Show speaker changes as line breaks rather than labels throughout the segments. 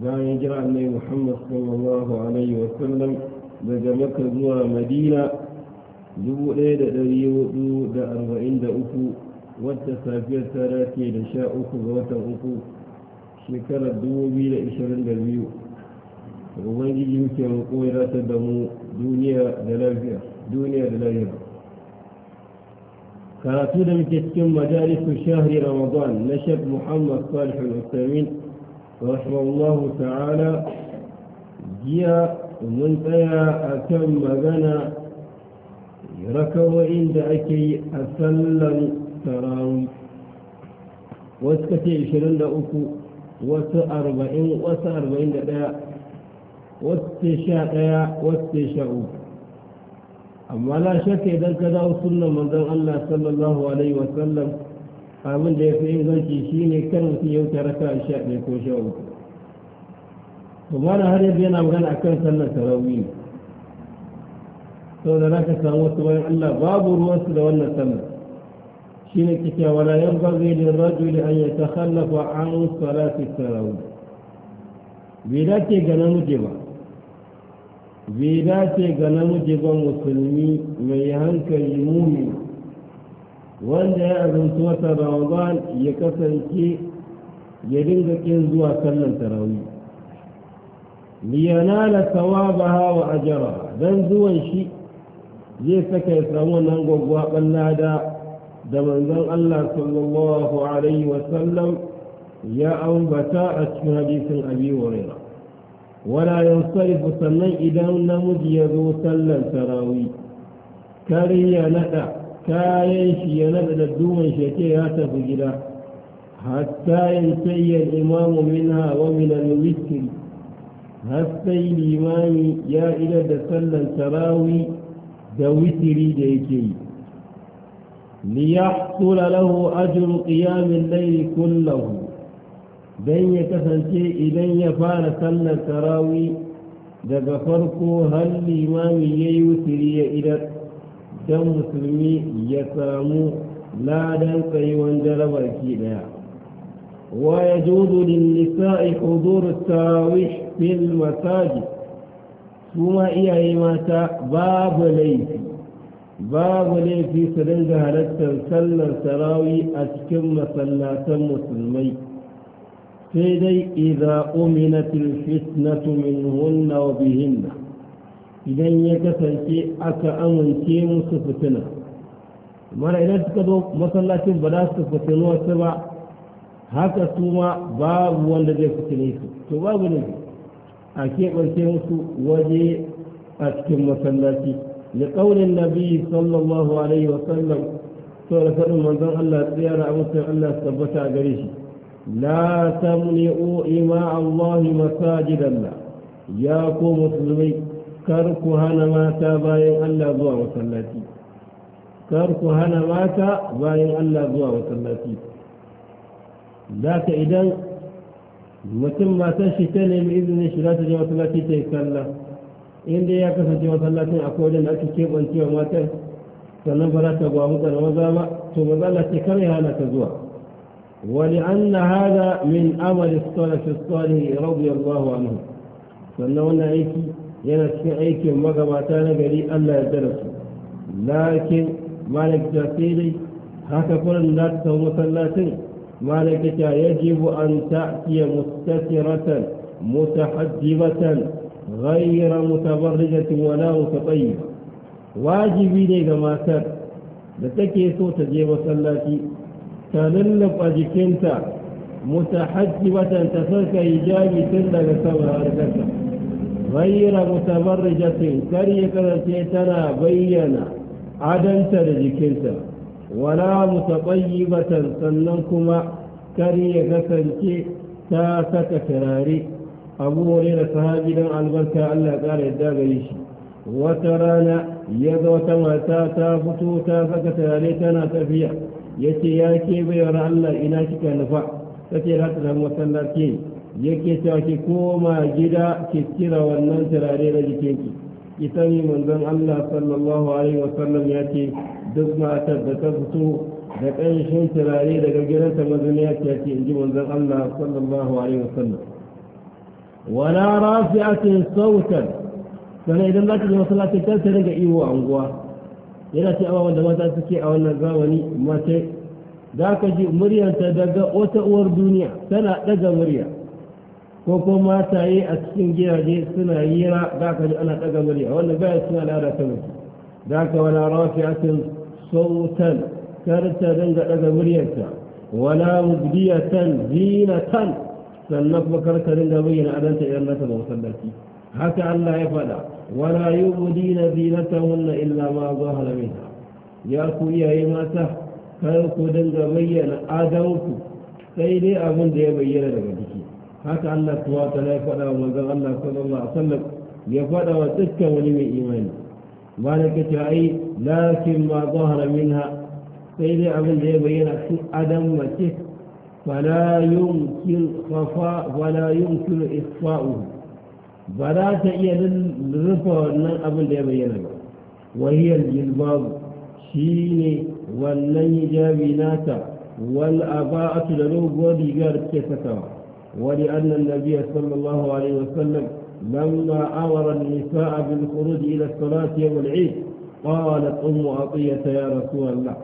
bayan jira annai muhammad sallallahu alaihi wasallam daga maka zuwa madina 1443 wata safiyar ta dace da sha uku ga watan uku shekarar 2022 ubangiji muke roƙo ya rata da mu duniya da lafiya duniya da lafiya karatu da muke cikin majalisun shahri ramadan na shek muhammad salih al-usamin رحمه الله تعالى جيا من تيا أكم مغنى ركو عند أكي أسلا تراوي واسكتي عشرين لأكو وسأربعين وسأربعين لأكو والتشاء والتشاء أما لا شك إذا كذا وصلنا من ذا الله صلى الله عليه وسلم abin da ya fi inganci shi ne kan mutum ya wuce raka sha ɗaya ko sha uku to mana har yadda yana magana a kan sallar tarawih ne sau da ka samu wasu bayan allah babu ruwansu da wannan sallar shi ne kike wala yan bazai da da an yi ta hallafa an salati tarawih bai dace ga namiji ba bai dace ga namiji ba musulmi mai hankali mumin wanda ya azumci wata ramadan ya kasance ya dinga kin zuwa sallan tarawih liyanala thawabaha wa ajra dan zuwan shi zai saka ya samu nan gogwa ballada da manzon Allah sallallahu alaihi wa sallam ya ambata a cikin hadisin Abi Hurairah wala yansarifu sannan idan namiji ya zo sallan tarawih kar ya nada kayan shi ya naɗa dadduman shi ke ya tafi gida hatta yin sayyar imamu minha wa minal witri har sai limami ya idar da sallan tarawi da witiri da yake yi ليحصل له أجر قيام الليل كله بين يكسنتي إذن يفعل صلى التراوي دقى فرقه هل الإمام ييوتري إلى don musulmi ya samu ladan tsayuwan jarabar ki daya wa ya juzu lillisa'i huduru tarawih fil masajid kuma iyaye mata babu laifi babu laifi su dinga halartar sallar tarawih a cikin masallatan musulmai sai dai idza uminatil fitnatu minhunna wa bihinna idan ya kasance aka amince musu fitina mara idan suka zo masallacin ba za su fitinu wasu ba haka su ma babu wanda zai fitine su to babu ne a keɓance musu waje a cikin masallaci da ƙaunin nabi sallallahu alaihi wa sallam sau da faɗin manzon Allah tsayar a mutum Allah su tabbata a gare shi لا تمنعوا إماء الله مساجد الله يا قوم مسلمين kar ku hana mata bayan Allah zuwa masallaci kar ku hana mata bayan Allah zuwa masallaci zaka idan mutum matan shi ta nemi izinin shi za ta je masallaci ta yi sallah inda ya kasance masallacin akwai wajen da ake keɓancewa matan sannan ba za ta gwa mutsar maza ba to maza Allah ce kar ya hana ta zuwa ولأن هذا من أمل الصلاة الصالح رضي الله عنه فأنه أيكي yana cikin aikin magabata na gari Allah ya darasu lakin malik ta sai dai haka kurin za ta samu masallacin malik ta yajibu an ta'tiya mustatiratan mutahajjibatan ghayra mutabarrijatin wala mutatayyib wajibi ne ga matar da take so ta je masallaci ta lullaba jikinta mutahajjibatan ta sarka hijabi tun daga sama har غير متبرجة كريكة تيتنا بينا عدم ترجكنت ولا متطيبة سننكما كريكة تاسة كراري أبو هريرة صحابي دان البركة الله قال الداغريش وترانا يدو تماتا تافتو تاسة كراري تنا تفيا يتي ياكي بيرا الله إناشك نفع تتي لا تنهم وسلاتين yake cewa ki koma gida ki kira wannan turare na jikinki ki sani manzon Allah sallallahu alaihi wasallam ya ce duk matar da ta fito da ƙanshin turare daga gidan ta mazuniya ce ce in ji manzon Allah sallallahu alaihi wasallam wala rafi'atin sautan sannan idan za ji je masallaci kan ta daga iwo a unguwa yana ce awa wanda mata suke a wannan zamani mace za ka ji muryanta daga wata uwar duniya tana daga murya ko ko mata yi a cikin gidaje suna yi za ka ji ana ɗaga murya wanda baya suna lalata mutu za ka wala rafi'atin sautan kar ta dinga ɗaga muryarta wala mubdiyatan zinatan sannan kuma kar ta dinga bayyana adanta idan nata da masallaci haka Allah ya faɗa wala yubdina zinatahunna illa ma zahara minha ya ku iyaye mata kar ku dinga bayyana adanku sai dai abin da ya bayyana daga haka Allah kuwa ta ya faɗa wa manzon Allah sallallahu alaihi wasallam ya faɗa wa dukkan wani mai imani bayan ka ce ai lakin ma zahara minha sai dai abin da ya bayyana su adam mace fala yumkin khafa wala yumkin isfa'u ba za ta iya rufa wannan abin da ya bayyana ba wahiyar jilbabu shi ne wannan hijabi nata wal aba'atu da doguwar rigar ke sakawa ولأن النبي صلى الله عليه وسلم لما أمر النساء بالخروج إلى الصلاة يوم العيد قالت أم عطية يا رسول الله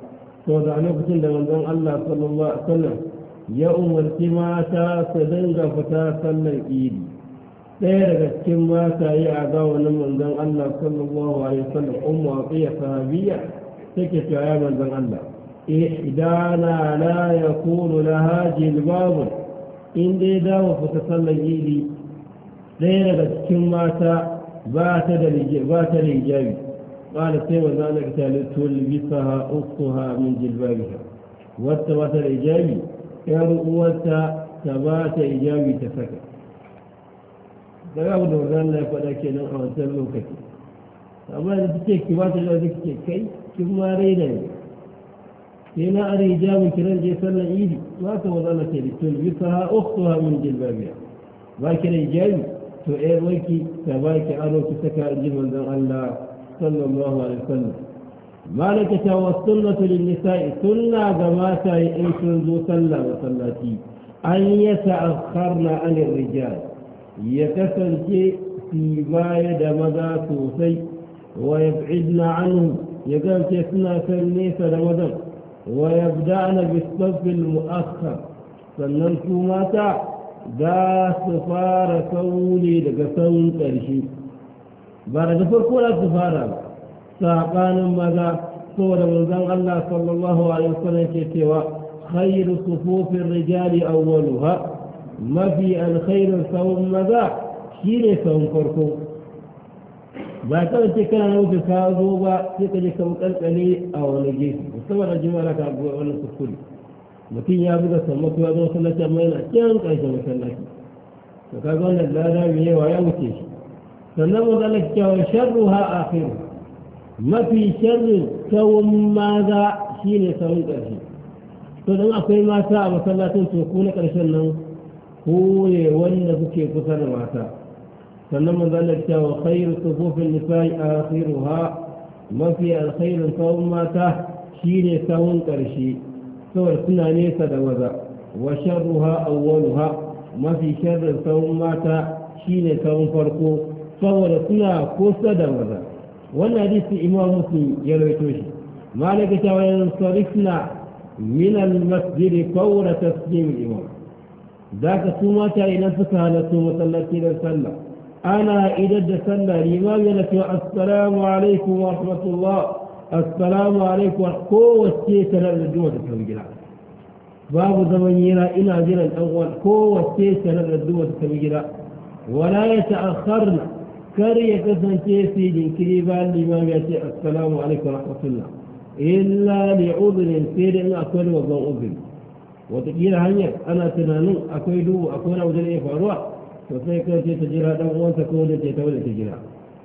سوضع نفس لمن دون الله صلى الله عليه وسلم يا أم ارتماة سدنجا فتاة من الإيد سيرك كما يا أعداء لمن دون الله صلى الله عليه وسلم أم عطية صحابية سكت يا من دون الله إحدانا لا يكون لها جلباب in dai dawo fita sallar idi ɗaya daga cikin mata ba ta da ba ta da hijabi qala sai wa zalika litulbisaha ukhtuha min jilbabiha wata ba ta da hijabi yar uwarta ta ba ta hijabi ta saka daga abu da wannan ya faɗa kenan a wancan lokaci amma da take ki ba ta da kike kai kin ma raina ne هنا أري جاب كرن جي إيدي ما توضل كري تلبسها أختها من جلبابها باكر جاي تو ويكي تباكي أنو كسكا جمال الله صلى الله عليه وسلم ما لك مالك السنة للنساء سنة جماتا إن تنزو سنة وصلاتي أن يتأخرن عن الرجال يكسنتي فيما يد مدى سوسي ويبعدن عنه يقام تسنى سنة مدى ويبدأن بالصف المؤخر sannan su mata za su fara saule daga saun ƙarshe ba daga farko za su fara ba saɓanin maza saboda manzon Allah sallallahu alaihi wasallam ke cewa khairu sufufin rijali awwaluha mafi alkhairin saun maza shine saun farko ba kawai sai kana wuce ka zo ba sai ka je ka kalkale a wani gefe musamman a jima'a ka abuwa wani kuskure mutum ya buga sammako ya zo masallaci amma yana can ƙarshen masallaci to ka wannan lada mai yawa ya wuce shi sannan mu zala kyawun sharru ha akhiru mafi sharrin tsawon maza shine tsawon ƙarshe to don akwai mata a masallacin to ku na ƙarshen nan ku ne wanda kuke kusa da mata sannan manzalar cewa khairu tsofofin nisa'i akhiruha mafi alkhairin tsawon mata shine tsawon ƙarshe saboda suna nesa da waza wa sharruha awwaluha mafi sharrin tsawon mata shine tsawon farko saboda suna kusa da waza wannan hadisi imam muslim ya rawaito shi malaka cewa yansarifna min al-masjid qawla taslim imam zaka su mata idan suka halatto masallaci da sallah أنا إذا دخلنا الإمام لك السلام عليكم ورحمة الله السلام عليكم قوة سيسة للجوة كمجلع باب زمنينا إلى ذلك الأول قوة سيسة للجوة كمجلع ولا يتأخرنا كرية كثن كيسي جن كريبان الإمام السلام عليكم ورحمة الله إلا لعذر سير إلا أكل وضع أذن وتقيل هنيا أنا تنانو أكيدو أكون أو ذلك إيه to sai kai ce ta jira dan uwanta ko da ce ta wadda ta jira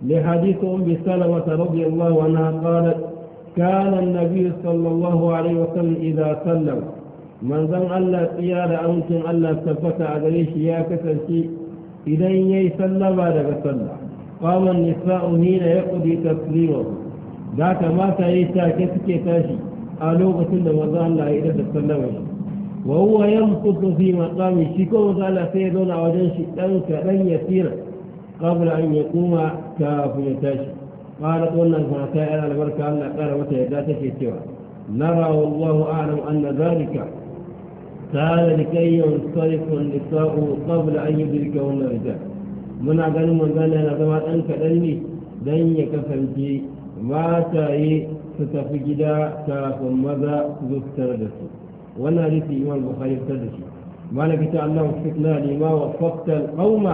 li hadithu ummi salama radiyallahu anha qalat kana an-nabiy sallallahu alaihi wa sallam idza sallam manzon Allah tsiya da amincin Allah tabbata a gare shi ya kasance idan yayi sallama daga sallah qama an-nisa'u hina yaqdi taslimahu da kamata yayi take suke tashi a lokacin da manzon Allah ya yi da sallama shi وهو يمكث في مقام شكو قال سيدنا وجن شئتان كأن يسير قبل أن يقوم كاف يتاشي قال قلنا فأتى على البركة أن أقار وتهداتك سوى نرى والله أعلم أن ذلك قال لكي ينصرف النساء قبل أن يدركهن الرجال من أقل من ذلك أن زمان أنك لني دنيا يكفنتي ما تأي ستفجد كاف ماذا ذكر دسوك ولا رتي إمام البخاري تدري ما لك تعلم فتنة لما وفقت القوم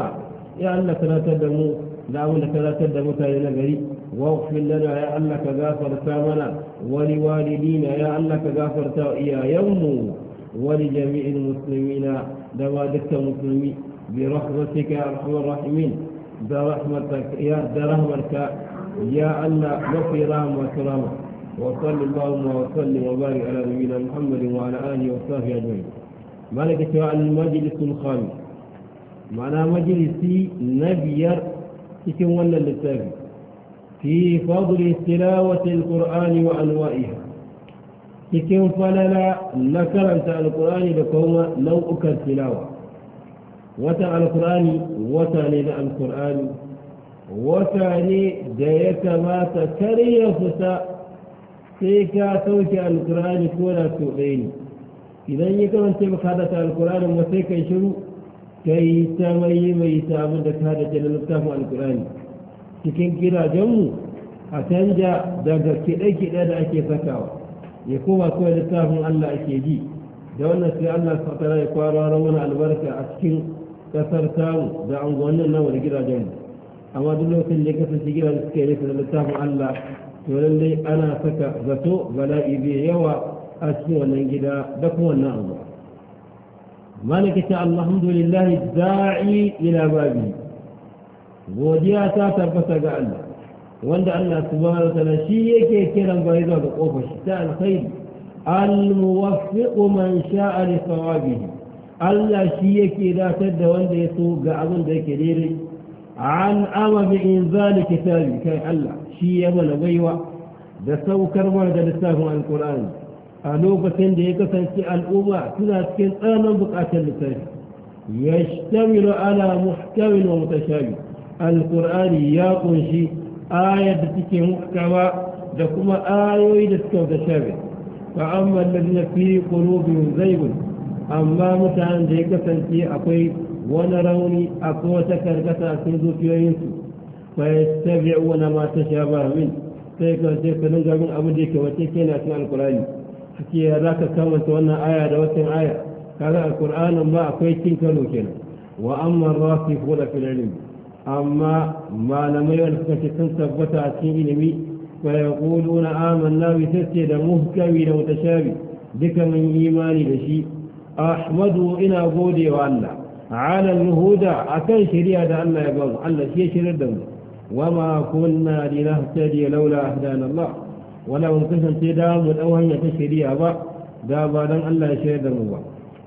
يا أنك لا تدمو لا أنك لا تدمو تايلنا غري واغفر لنا يا أنك غافر منا ولوالدينا يا أنك غافر تايا يوم ولجميع المسلمين دوادك المسلمين برحمتك يا أرحم الراحمين برحمتك يا برحمتك يا الله وفي رحمة رحمتك وصلي اللهم وسلم وبارك على نبينا محمد وعلى اله وصحبه اجمعين. ملكة المجلس الخامس. معنى مجلس نبير اسم ولا للتاجر. في فضل تلاوة القرآن وأنوائها. اسم فللا نكر أنت على القرآن لكوما لو أكل تلاوة. وتا على القرآن وتا لنا القرآن وتا لي ديك ما تكري sai ka sauke alkur'ani ko da so ɗaya ne idan ya karanta ba ka dace alkur'ani ba sai kai shiru ka yi ta mai mai ta abin da ka dace na littafin alkur'ani cikin gidajenmu a canja daga kiɗe-kiɗe da ake sakawa ya koma kawai littafin allah ake ji da wannan sai allah fatara ya kwararo mana albarka a cikin ƙasar tamu da angonin nan da gidajenmu amma duk lokacin da ya kasance gidajen suka yi da littafin allah ولدي أنا فك ذتو ولا إبيه وأسمو ونجد بكو ونأمو مالك شاء الله الحمد لله الداعي إلى بابه وديا ساتا فتاك الله وند الله سبحانه وتعالى شيء كيرا بايزا بقوف الشتاء الخير الموفق من شاء لصوابه الله شيء كيرا تد وند يسوق عن أمر إنزال كتابه كي الله shi ya mana baiwa da saukarwa da lissafin alkur'ani a lokacin da ya kasance al'umma suna cikin tsananin bukatar lissafi ya shtamilu ala muhkamin wa mutashabi alkur'ani ya kunshi ayar da take muhkama da kuma ayoyi da suka da shabi fa amma alladhina fi qulubihim zaygun amma mutanen da ya kasance akwai wani rauni akwai wata karkata a cikin zuciyoyinsu فيتبعون ما تشابه منه فيكون ذلك من قبل أبو ديك وتكين أثناء القرآن حكي ذاك كما تولنا آية دوتين آية قال القرآن ما أكويتين كنوكين وأما الراسفون في العلم أما ما لم يلقى شخص ثبت عسين إلمي ويقولون آمنا بتسجد مهكم وتشابه بك من إيمان لشيء أحمدوا إنا أبودي وأن على المهودة أكن شريعة أن يقوم أن شيء شريعة وما كنا لنهتدي لولا أهدان الله ولا منكسن تدام الأوهن يتشري أبا دابا لن ألا يشهد الله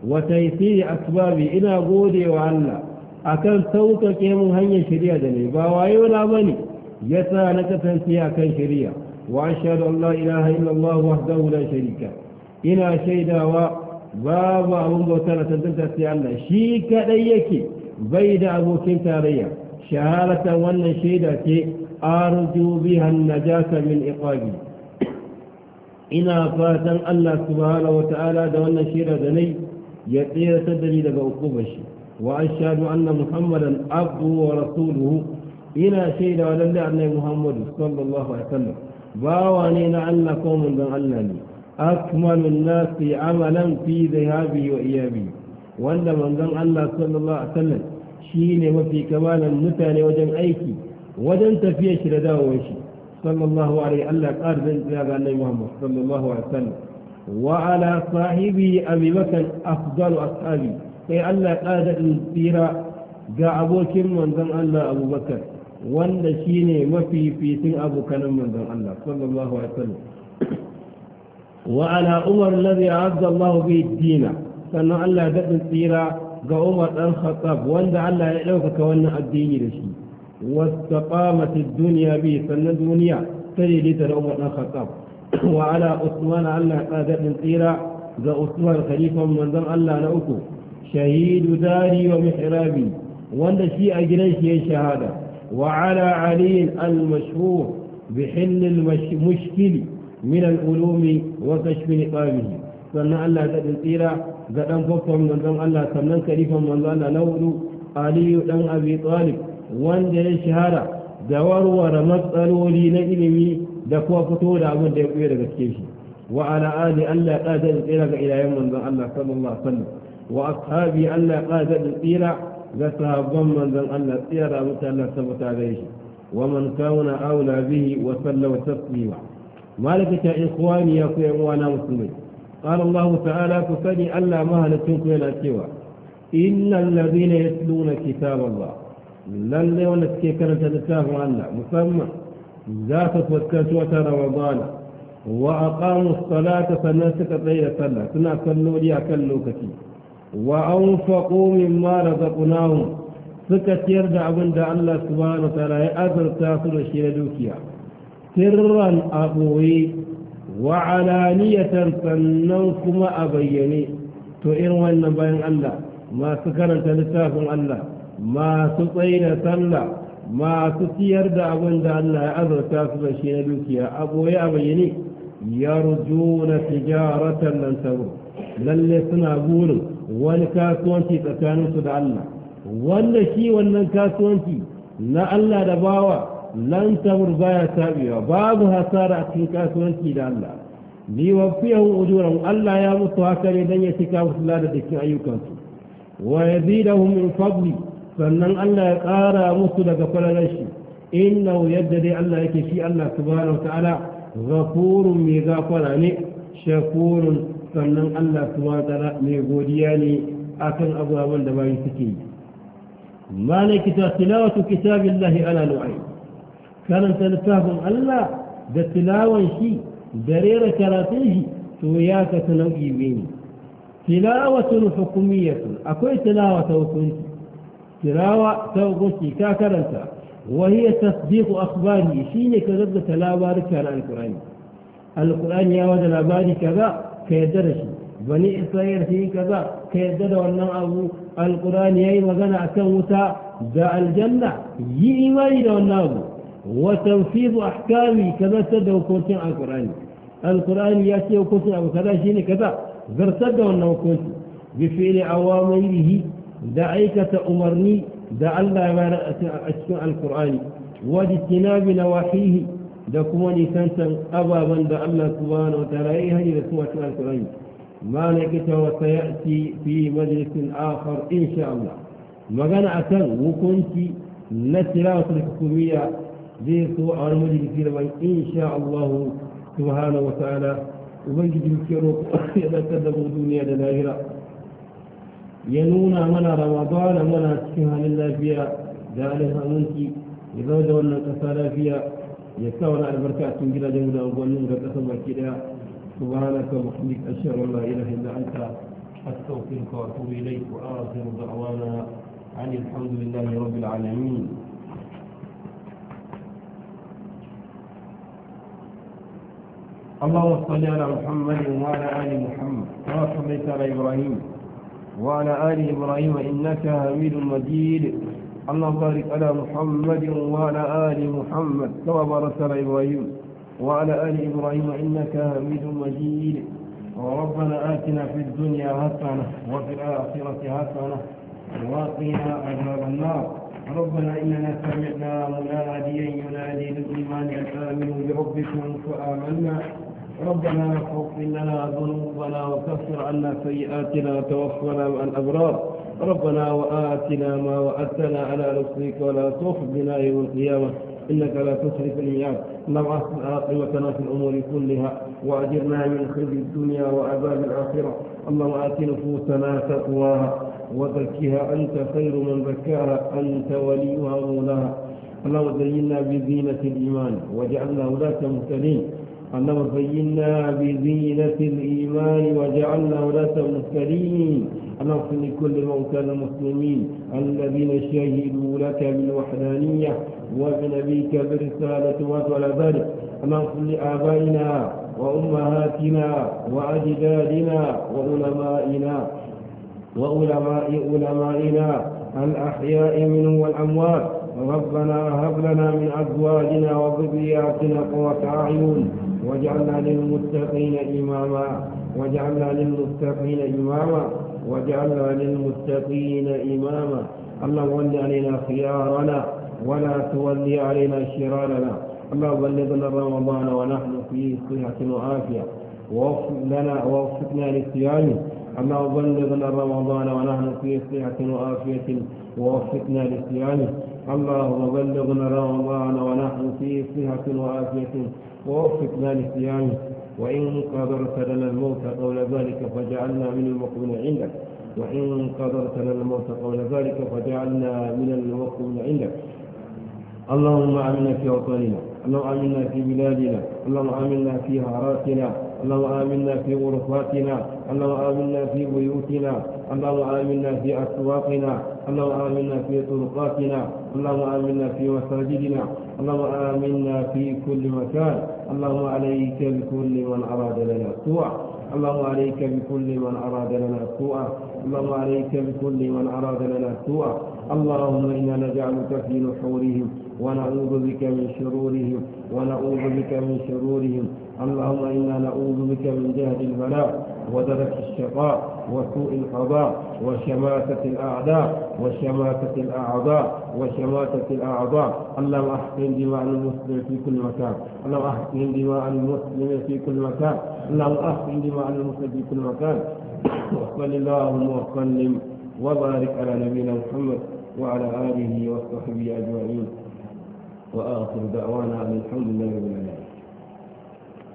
وتيسير أسبابي إنا قودي وعلا أكن صوتك كيم هن يشري دني باواي ولا بني يسا لك تنسي كان شريا وأشهد أن لا إله إلا الله وحده لا شريك إنا شيدا بابا أبو بوتانا تنتهي الله شيك ليكي بيد أبو كنت شهادة والنشيدة أرجو بها النجاة من إقابي إنا فاتا الله سبحانه وتعالى دون شهيدة لي يطير تدري لك أقوبش وأشهد أن محمدا عبده ورسوله إنا شهيدة ولله أن محمد صلى الله عليه وسلم باوانينا أن قوم بن ألني أكمل الناس عملا في ذهابي وإيابي وأن من الله صلى الله عليه وسلم shi ne mafi kamalan mutane wajen aiki wajen tafiya shi da dawowar shi sallallahu alaihi Allah ƙar zan tsaya ga annabi Muhammad sallallahu alaihi wasallam wa ala sahibi Abi Bakar afdalu ashabi sai Allah ƙar da tsira ga abokin manzon Allah Abu Bakar wanda shine mafi fitin abokan manzon Allah sallallahu alaihi wasallam wa ala Umar ladhi azza Allah bi dina sannan Allah da tsira ga Umar dan Khattab wanda Allah ya ɗaukaka wannan addini da shi واستقامت الدنيا به فن الدنيا تجد لتنوم الخطاب وعلى عثمان الله قادر من طيرا ذا عثمان خليفة من ذم الله نأكو شهيد داري ومحرابي وان شيء أجريش هي شهادة وعلى علي المشهور بحل المشكل من العلوم وكشف نقابه sannan Allah ta daɗin tsira ga ɗan babban manzon Allah sannan kalifan manzon Allah na hudu Ali dan Abi Talib wanda ya shahara da warware matsaloli na ilimi da kuma fito da abin da ya kuya daga cikin shi wa ala ali Allah ta ƙaza tsira ga ilayen manzon Allah sallallahu alaihi wasallam wa ashabi Allah ta ƙaza tsira ga sahabban manzon Allah tsira mutan Allah saboda gare shi wa man kana aula bihi wa sallama taslima malaka ta ikhwani ya ku yan uwana musulmai قال الله تعالى كفني ألا مهل تنكو إلى سوى إن الذين يتلون كتاب الله لن يولد كانت الإسلام عنا مسمى ذات تفكرتوا رمضان وأقاموا الصلاة فنسك الليل صلى سنة صلوا لي أكلوا كثير وأنفقوا مما رزقناهم سكت يرجع من دع الله سبحانه وتعالى أذر تاثر الشيء دوكيا سرا أبوي alaniyatan sannan kuma a bayyane to irin wannan bayan Allah masu karanta littafin Allah masu tsaina sallah masu siyar da abin da Allah ya azurta su da shi na dukiya a boye a bayyane ya rujo na tijaratan nan tabo lalle suna burin wani kasuwanci tsakaninsu da Allah wanda shi wannan kasuwanci na Allah da bawa lan tamur baya tabewa babu hasara a cikin kasuwanci da Allah li wafiyahu ujuran Allah ya musu haka ne dan ya cika musu lada da cikin ayyukansu wa yazidahum min fadli sannan Allah ya ƙara musu daga falalar shi innahu yadda dai Allah yake shi Allah subhanahu ta'ala ghafurun mai gafara ne shakurun sannan Allah subhanahu ta'ala mai godiya ne akan abubuwan da bayan suke yi malaki ta tilawatu kitabillahi ala nu'ayn كان انت لتهبم ألا بتلاوة شي بريرة كراتيجي توياك تنوئي بيني تلاوة حكومية أكوي تلاوة توقنت تلاوة توقنت كاكرا انت وهي تصديق أخباري شيني كذبت تلاوة كان عن القرآن القرآن يا ودى الأباري كذا كيدرش بني إسرائيل في كذا كيدر والنوع أبو القرآن يا إيمان أكوتا ذا الجنة يئي ويدا والنوع وتنفيذ أحكامي كذا سد وكنتم على القرآن القرآن يأتي وكنتم على كذا شيء كذا غير سد وأنه كنت بفعل عوامله دعيك تأمرني دع الله ما أشكى القرآن واجتناب نواحيه دكموني كانت من دع الله سبحانه وتعالى إيه سوى لكم القرآن ما نكت وسيأتي في مجلس آخر إن شاء الله ما كان أتن وكنت لا تلاوة الحكومية ديكو على مجد كثير إن شاء الله سبحانه وتعالى ومجد كثير إذا كذبوا دنيا للآخرة ينونا من رمضان من تشكيها لله فيها ذلك منك إذا جوانا كسالا فيها يكاونا على البركة تنجل جميلة وقالون قد أسمع كده سبحانك وبحمدك أشهد أن لا إله إلا أنت أستغفرك وأتوب إليك وآخر دعوانا عن الحمد لله رب العالمين اللهم صل على محمد وعلى آل محمد كما صليت على إبراهيم وعلى آل إبراهيم إنك حميد مجيد اللهم بارك على محمد وعلى آل محمد كما باركت على إبراهيم وعلى آل إبراهيم إنك حميد مجيد وربنا آتنا في الدنيا حسنة وفي الآخرة حسنة وقنا عذاب النار ربنا إننا سمعنا مناديا ينادي للإيمان أن آمنوا بربكم فآمنا ربنا اغفر لنا ذنوبنا وكفر عنا سيئاتنا وتوفنا مع الأبرار ربنا وآتنا ما وأتنا على نصرك ولا بنا يوم القيامة إنك لا تخلف الميعاد اللهم أحسن عاقبتنا في الأمور كلها وأجرنا من خزي الدنيا وعذاب الآخرة اللهم آت نفوسنا تقواها وزكها أنت خير من زكاها أنت وليها مولاها اللهم زينا بزينة الإيمان واجعلنا ولاة مهتدين أنه فينا بزينة الإيمان وجعلنا ولاة المرسلين أن اغفر لكل موتى المسلمين الذين شهدوا لك بالوحدانية وبنبيك برسالة وعلى ذلك أن اغفر لآبائنا وأمهاتنا وأجدادنا وعلمائنا وعلماء علمائنا الأحياء منهم والأموات ربنا هب لنا من أزواجنا وذرياتنا قوة أعين واجعلنا للمتقين إماما واجعلنا للمتقين إماما واجعلنا للمتقين إماما اللهم ول علينا خيارنا ولا تولي علينا شرارنا اللهم بلغنا رمضان ونحن في صحة وعافية ووفق لنا ووفقنا لصيامه اللهم بلغنا رمضان ونحن في صحة وعافية ووفقنا لصيامه اللهم بلغنا رمضان ونحن في صحة ووفق ووفقنا لصيامه وإن قدرت لنا الموت قول ذلك فجعلنا من المقبل عندك وإن قدرت لنا الموت قول ذلك فجعلنا من المقبل عندك اللهم آمنا في وطننا اللهم آمنا في بلادنا اللهم آمنا في هاراتنا اللهم آمنا في غرفاتنا اللهم آمنا في بيوتنا اللهم آمنا في أسواقنا اللهم آمنا في طرقاتنا اللهم آمنا في مساجدنا اللهم آمنا في كل مكان اللهم عليك بكل من أراد لنا سوءا اللهم عليك بكل من أراد لنا سوءا اللهم عليك بكل من أراد لنا سوءا اللهم إنا نجعلك في نحورهم ونعوذ بك من شرورهم ونعوذ بك من شرورهم اللهم إنا نعوذ بك من جهد البلاء ودرك الشقاء وسوء القضاء وشماتة الأعداء وشماتة الأعضاء وشماتة الأعضاء اللهم أحقن دماء المسلم في كل مكان اللهم أحقن دماء المسلم في كل مكان اللهم أحقن دماء المسلم في كل مكان وصل اللهم وسلم وبارك على نبينا محمد وعلى آله وصحبه أجمعين وآخر دعوانا أن الحمد لله رب العالمين